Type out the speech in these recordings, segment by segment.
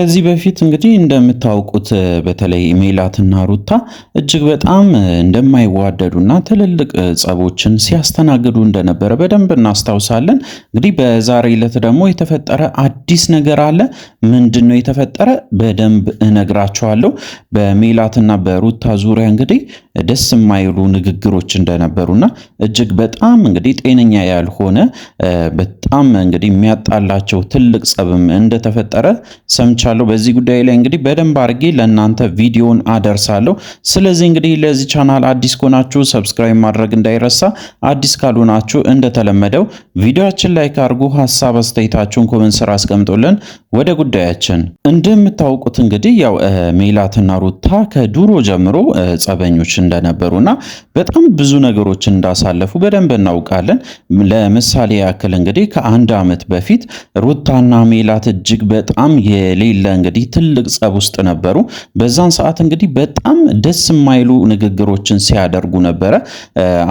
ከዚህ በፊት እንግዲህ እንደምታውቁት በተለይ ሜላትና ሩታ እጅግ በጣም እንደማይዋደዱና ትልልቅ ጸቦችን ሲያስተናግዱ እንደነበረ በደንብ እናስታውሳለን። እንግዲህ በዛሬ ዕለት ደግሞ የተፈጠረ አዲስ ነገር አለ። ምንድን ነው የተፈጠረ? በደንብ እነግራችኋለሁ። በሜላትና በሩታ ዙሪያ እንግዲህ ደስ የማይሉ ንግግሮች እንደነበሩና እጅግ በጣም እንግዲህ ጤነኛ ያልሆነ በጣም እንግዲህ የሚያጣላቸው ትልቅ ጸብም እንደተፈጠረ ሰምቻለሁ። በዚህ ጉዳይ ላይ እንግዲህ በደንብ አድርጌ ለእናንተ ቪዲዮን አደርሳለሁ። ስለዚህ እንግዲህ ለዚህ ቻናል አዲስ ከሆናችሁ ሰብስክራይብ ማድረግ እንዳይረሳ፣ አዲስ ካልሆናችሁ እንደተለመደው ቪዲዮችን ላይክ አድርጉ፣ ሀሳብ አስተያየታችሁን ኮመንት ስራ አስቀምጦልን ወደ ጉዳያችን እንደምታውቁት እንግዲህ ያው ሜላትና ሩታ ከዱሮ ጀምሮ ጸበኞች እንደነበሩና በጣም ብዙ ነገሮች እንዳሳለፉ በደንብ እናውቃለን። ለምሳሌ ያክል እንግዲህ ከአንድ ዓመት በፊት ሩታና ሜላት እጅግ በጣም የሌለ እንግዲህ ትልቅ ጸብ ውስጥ ነበሩ። በዛን ሰዓት እንግዲህ በጣም ደስ የማይሉ ንግግሮችን ሲያደርጉ ነበረ።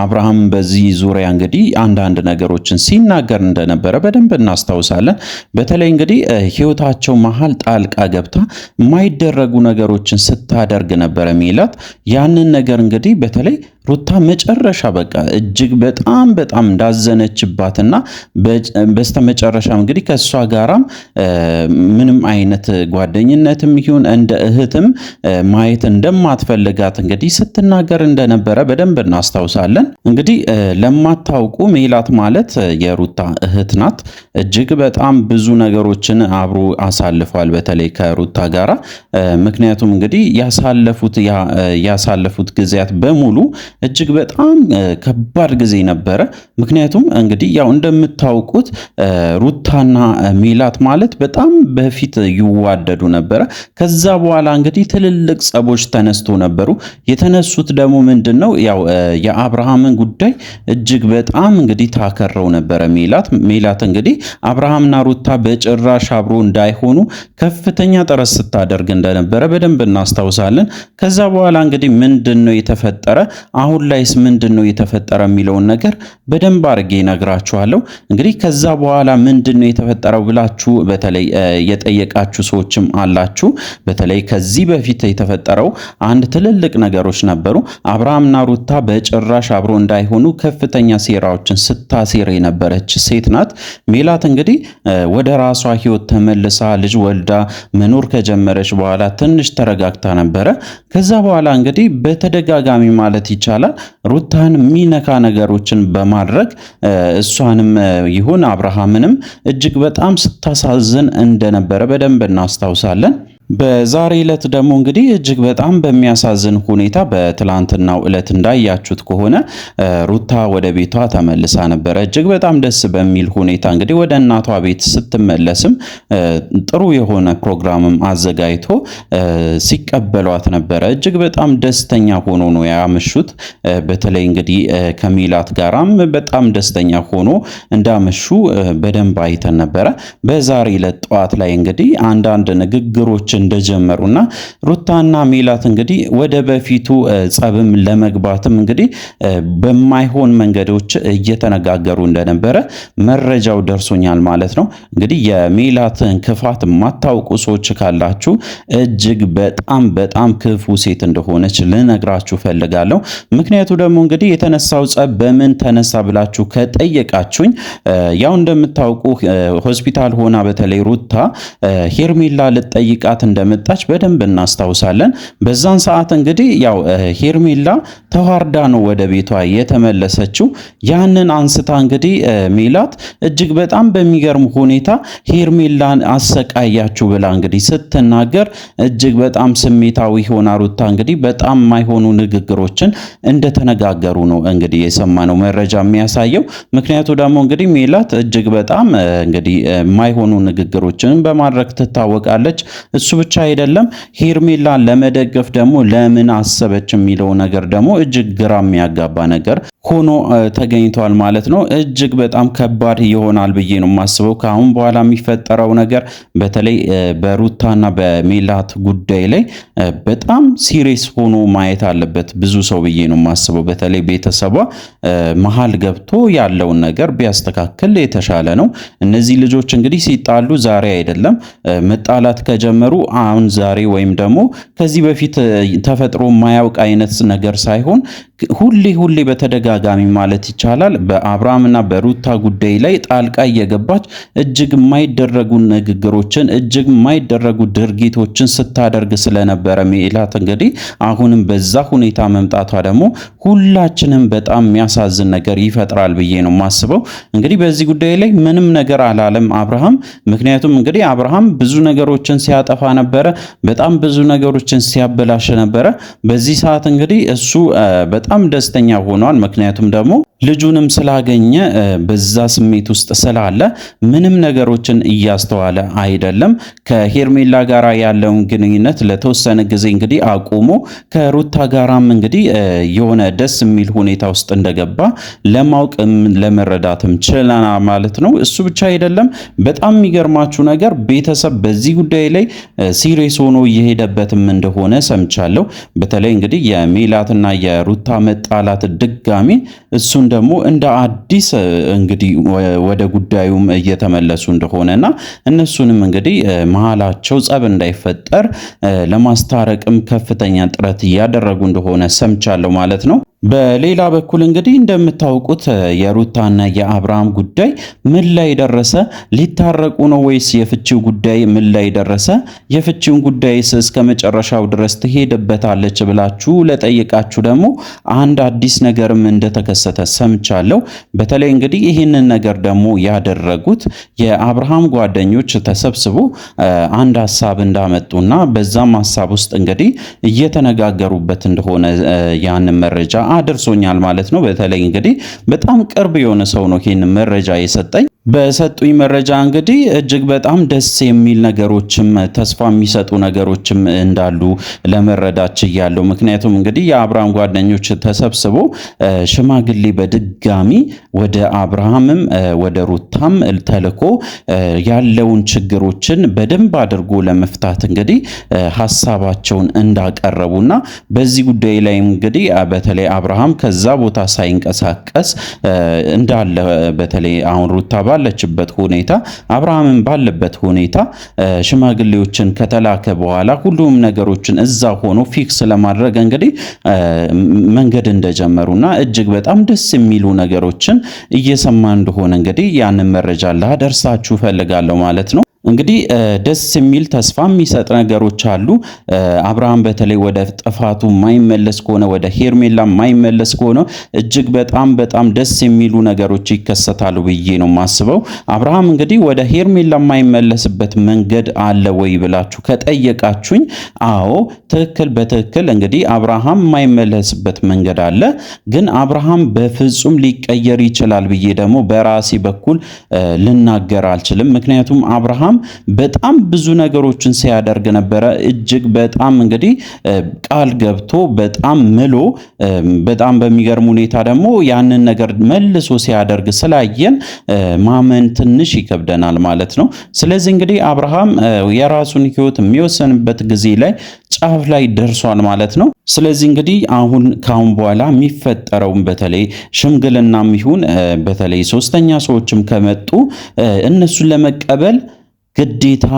አብርሃም በዚህ ዙሪያ እንግዲህ አንዳንድ ነገሮችን ሲናገር እንደነበረ በደንብ እናስታውሳለን። በተለይ እንግዲህ ህይወታቸው መሀል ጣልቃ ገብታ የማይደረጉ ነገሮችን ስታደርግ ነበረ ሜላት ያንን ነገር እንግዲህ በተለይ ሩታ መጨረሻ በቃ እጅግ በጣም በጣም እንዳዘነችባትና በስተመጨረሻም እንግዲህ ከእሷ ጋራም ምንም አይነት ጓደኝነትም ይሁን እንደ እህትም ማየት እንደማትፈልጋት እንግዲህ ስትናገር እንደነበረ በደንብ እናስታውሳለን። እንግዲህ ለማታውቁ ሜላት ማለት የሩታ እህት ናት። እጅግ በጣም ብዙ ነገሮችን አብሮ አሳልፏል፣ በተለይ ከሩታ ጋራ ምክንያቱም እንግዲህ ያሳለፉት ያሳለፉት ጊዜያት በሙሉ እጅግ በጣም ከባድ ጊዜ ነበረ። ምክንያቱም እንግዲህ ያው እንደምታውቁት ሩታና ሜላት ማለት በጣም በፊት ይዋደዱ ነበረ። ከዛ በኋላ እንግዲህ ትልልቅ ጸቦች ተነስቶ ነበሩ። የተነሱት ደግሞ ምንድን ነው ያው የአብርሃምን ጉዳይ እጅግ በጣም እንግዲህ ታከረው ነበረ ሜላት ሜላት እንግዲህ አብርሃምና ሩታ በጭራሽ አብሮ እንዳይሆኑ ከፍተኛ ጥረት ስታደርግ እንደነበረ በደንብ እናስታውሳለን። ከዛ በኋላ እንግዲህ ምንድን ነው የተፈጠረ? አሁን ላይስ ምንድን ነው የተፈጠረ የሚለውን ነገር በደንብ አድርጌ ነግራችኋለሁ። እንግዲህ ከዛ በኋላ ምንድን ነው የተፈጠረው ብላችሁ በተለይ የጠየቃችሁ ሰዎችም አላችሁ። በተለይ ከዚህ በፊት የተፈጠረው አንድ ትልልቅ ነገሮች ነበሩ። አብርሃምና ሩታ በጭራሽ አብሮ እንዳይሆኑ ከፍተኛ ሴራዎችን ስታሴር የነበረች ሴት ናት ሜላት። እንግዲህ ወደ ራሷ ህይወት ተመልሳ ልጅ ወልዳ መኖር ከጀመረች በኋላ ትንሽ ተረጋግታ ነበረ። ከዛ በኋላ እንግዲህ በተደጋጋሚ ማለት ይቻላል ይቻላል። ሩታን የሚነካ ነገሮችን በማድረግ እሷንም ይሁን አብርሃምንም እጅግ በጣም ስታሳዝን እንደነበረ በደንብ እናስታውሳለን። በዛሬ ዕለት ደግሞ እንግዲህ እጅግ በጣም በሚያሳዝን ሁኔታ በትላንትናው ዕለት እንዳያችሁት ከሆነ ሩታ ወደ ቤቷ ተመልሳ ነበረ። እጅግ በጣም ደስ በሚል ሁኔታ እንግዲህ ወደ እናቷ ቤት ስትመለስም ጥሩ የሆነ ፕሮግራምም አዘጋጅቶ ሲቀበሏት ነበረ። እጅግ በጣም ደስተኛ ሆኖ ነው ያመሹት። በተለይ እንግዲህ ከሚላት ጋራም በጣም ደስተኛ ሆኖ እንዳመሹ በደንብ አይተን ነበረ። በዛሬ ዕለት ጠዋት ላይ እንግዲህ አንዳንድ ንግግሮች እንደጀመሩ እና ሩታና ሜላት እንግዲህ ወደ በፊቱ ጸብም ለመግባትም እንግዲህ በማይሆን መንገዶች እየተነጋገሩ እንደነበረ መረጃው ደርሶኛል ማለት ነው። እንግዲህ የሜላትን ክፋት የማታውቁ ሰዎች ካላችሁ እጅግ በጣም በጣም ክፉ ሴት እንደሆነች ልነግራችሁ ፈልጋለሁ። ምክንያቱ ደግሞ እንግዲህ የተነሳው ጸብ በምን ተነሳ ብላችሁ ከጠየቃችሁኝ ያው እንደምታውቁ ሆስፒታል ሆና በተለይ ሩታ ሄርሜላ ልጠይቃት እንደመጣች በደንብ እናስታውሳለን። በዛን ሰዓት እንግዲህ ያው ሄርሜላ ተዋርዳ ነው ወደ ቤቷ የተመለሰችው። ያንን አንስታ እንግዲህ ሜላት እጅግ በጣም በሚገርም ሁኔታ ሄርሜላን አሰቃያችሁ ብላ እንግዲህ ስትናገር እጅግ በጣም ስሜታዊ ሆና ሩታ እንግዲህ በጣም የማይሆኑ ንግግሮችን እንደተነጋገሩ ነው እንግዲህ የሰማነው መረጃ የሚያሳየው። ምክንያቱ ደግሞ እንግዲህ ሜላት እጅግ በጣም እንግዲህ የማይሆኑ ንግግሮችን በማድረግ ትታወቃለች። እሱ ብቻ አይደለም፣ ሄርሜላን ለመደገፍ ደግሞ ለምን አሰበች የሚለው ነገር ደግሞ እጅግ ግራ የሚያጋባ ነገር ሆኖ ተገኝቷል ማለት ነው። እጅግ በጣም ከባድ ይሆናል ብዬ ነው የማስበው። ከአሁን በኋላ የሚፈጠረው ነገር በተለይ በሩታና በሜላት ጉዳይ ላይ በጣም ሲሪየስ ሆኖ ማየት አለበት ብዙ ሰው ብዬ ነው የማስበው። በተለይ ቤተሰቧ መሀል ገብቶ ያለውን ነገር ቢያስተካክል የተሻለ ነው። እነዚህ ልጆች እንግዲህ ሲጣሉ ዛሬ አይደለም መጣላት ከጀመሩ አሁን ዛሬ ወይም ደግሞ ከዚህ በፊት ተፈጥሮ ማያውቅ አይነት ነገር ሳይሆን ሁሌ ሁሌ በተደጋ በተደጋጋሚ ማለት ይቻላል በአብርሃምና በሩታ ጉዳይ ላይ ጣልቃ እየገባች እጅግ የማይደረጉ ንግግሮችን እጅግ የማይደረጉ ድርጊቶችን ስታደርግ ስለነበረ ሜላት እንግዲህ አሁንም በዛ ሁኔታ መምጣቷ ደግሞ ሁላችንም በጣም የሚያሳዝን ነገር ይፈጥራል ብዬ ነው የማስበው። እንግዲህ በዚህ ጉዳይ ላይ ምንም ነገር አላለም አብርሃም። ምክንያቱም እንግዲህ አብርሃም ብዙ ነገሮችን ሲያጠፋ ነበረ፣ በጣም ብዙ ነገሮችን ሲያበላሽ ነበረ። በዚህ ሰዓት እንግዲህ እሱ በጣም ደስተኛ ሆኗል። ምክንያቱ ምክንያቱም ደግሞ ልጁንም ስላገኘ በዛ ስሜት ውስጥ ስላለ ምንም ነገሮችን እያስተዋለ አይደለም። ከሄርሜላ ጋር ያለውን ግንኙነት ለተወሰነ ጊዜ እንግዲህ አቁሞ ከሩታ ጋራም እንግዲህ የሆነ ደስ የሚል ሁኔታ ውስጥ እንደገባ ለማወቅ ለመረዳትም ችለና ማለት ነው። እሱ ብቻ አይደለም። በጣም የሚገርማችሁ ነገር ቤተሰብ በዚህ ጉዳይ ላይ ሲሬስ ሆኖ እየሄደበትም እንደሆነ ሰምቻለሁ። በተለይ እንግዲህ የሜላትና የሩታ መጣላት ድጋሚ እሱን ደግሞ እንደ አዲስ እንግዲህ ወደ ጉዳዩም እየተመለሱ እንደሆነና እነሱንም እንግዲህ መሀላቸው ጸብ እንዳይፈጠር ለማስታረቅም ከፍተኛ ጥረት እያደረጉ እንደሆነ ሰምቻለሁ ማለት ነው። በሌላ በኩል እንግዲህ እንደምታውቁት የሩታና የአብርሃም ጉዳይ ምን ላይ ደረሰ? ሊታረቁ ነው ወይስ የፍቺው ጉዳይ ምን ላይ ደረሰ? የፍቺውን ጉዳይስ እስከ መጨረሻው ድረስ ትሄድበታለች ብላችሁ ለጠየቃችሁ ደግሞ አንድ አዲስ ነገርም እንደተከሰተ ሰምቻለሁ። በተለይ እንግዲህ ይህንን ነገር ደግሞ ያደረጉት የአብርሃም ጓደኞች ተሰብስቦ አንድ ሀሳብ እንዳመጡና በዛም ሀሳብ ውስጥ እንግዲህ እየተነጋገሩበት እንደሆነ ያንን መረጃ ደርሶኛል ማለት ነው። በተለይ እንግዲህ በጣም ቅርብ የሆነ ሰው ነው ይህን መረጃ የሰጠኝ። በሰጡኝ መረጃ እንግዲህ እጅግ በጣም ደስ የሚል ነገሮችም ተስፋ የሚሰጡ ነገሮችም እንዳሉ ለመረዳት ችያለሁ። ምክንያቱም እንግዲህ የአብርሃም ጓደኞች ተሰብስቦ ሽማግሌ በድጋሚ ወደ አብርሃምም ወደ ሩታም ተልኮ ያለውን ችግሮችን በደንብ አድርጎ ለመፍታት እንግዲህ ሀሳባቸውን እንዳቀረቡና በዚህ ጉዳይ ላይ እንግዲህ በተለይ አብርሃም ከዛ ቦታ ሳይንቀሳቀስ እንዳለ በተለይ አሁን ሩታ ባለችበት ሁኔታ አብርሃምን ባለበት ሁኔታ ሽማግሌዎችን ከተላከ በኋላ ሁሉም ነገሮችን እዛ ሆኖ ፊክስ ለማድረግ እንግዲህ መንገድ እንደጀመሩና እጅግ በጣም ደስ የሚሉ ነገሮችን እየሰማ እንደሆነ እንግዲህ ያንን መረጃ ላደርሳችሁ ፈልጋለሁ ማለት ነው። እንግዲህ ደስ የሚል ተስፋ የሚሰጥ ነገሮች አሉ። አብርሃም በተለይ ወደ ጥፋቱ ማይመለስ ከሆነ ወደ ሄርሜላ ማይመለስ ከሆነ እጅግ በጣም በጣም ደስ የሚሉ ነገሮች ይከሰታሉ ብዬ ነው ማስበው። አብርሃም እንግዲህ ወደ ሄርሜላ የማይመለስበት መንገድ አለ ወይ ብላችሁ ከጠየቃችሁኝ፣ አዎ ትክክል በትክክል እንግዲህ አብርሃም የማይመለስበት መንገድ አለ። ግን አብርሃም በፍጹም ሊቀየር ይችላል ብዬ ደግሞ በራሴ በኩል ልናገር አልችልም። ምክንያቱም አብርሃም በጣም ብዙ ነገሮችን ሲያደርግ ነበረ። እጅግ በጣም እንግዲህ ቃል ገብቶ በጣም ምሎ በጣም በሚገርም ሁኔታ ደግሞ ያንን ነገር መልሶ ሲያደርግ ስላየን ማመን ትንሽ ይከብደናል ማለት ነው። ስለዚህ እንግዲህ አብርሃም የራሱን ህይወት የሚወሰንበት ጊዜ ላይ ጫፍ ላይ ደርሷል ማለት ነው። ስለዚህ እንግዲህ አሁን ካሁን በኋላ የሚፈጠረውን በተለይ ሽምግልናም ይሁን በተለይ ሶስተኛ ሰዎችም ከመጡ እነሱን ለመቀበል ግዴታ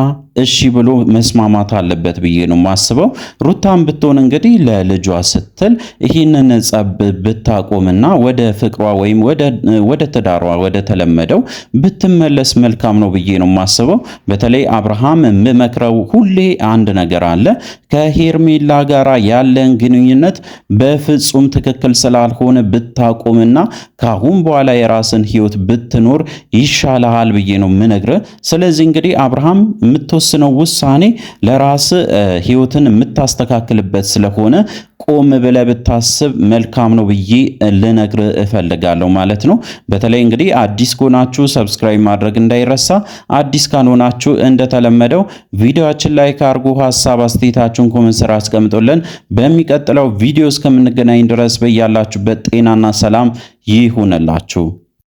እሺ ብሎ መስማማት አለበት ብዬ ነው የማስበው። ሩታን ብትሆን እንግዲህ ለልጇ ስትል ይህንን ጸብ ብታቆምና ወደ ፍቅሯ ወይም ወደ ትዳሯ ወደ ተለመደው ብትመለስ መልካም ነው ብዬ ነው የማስበው። በተለይ አብርሃም የምመክረው ሁሌ አንድ ነገር አለ። ከሄርሜላ ጋራ ያለን ግንኙነት በፍጹም ትክክል ስላልሆነ ብታቆምና ከአሁን በኋላ የራስን ህይወት ብትኖር ይሻልሃል ብዬ ነው ምነግረ። ስለዚህ እንግዲህ አብርሃም የምትወስ የምትወስነው ውሳኔ ለራስ ህይወትን የምታስተካክልበት ስለሆነ ቆም ብለህ ብታስብ መልካም ነው ብዬ ልነግር እፈልጋለሁ ማለት ነው። በተለይ እንግዲህ አዲስ ከሆናችሁ ሰብስክራይብ ማድረግ እንዳይረሳ፣ አዲስ ካልሆናችሁ እንደተለመደው ቪዲዮችን ላይ ካርጉ ሀሳብ አስተያየታችሁን ኮመንት ስር አስቀምጡልን። በሚቀጥለው ቪዲዮ እስከምንገናኝ ድረስ በያላችሁበት ጤናና ሰላም ይሁንላችሁ።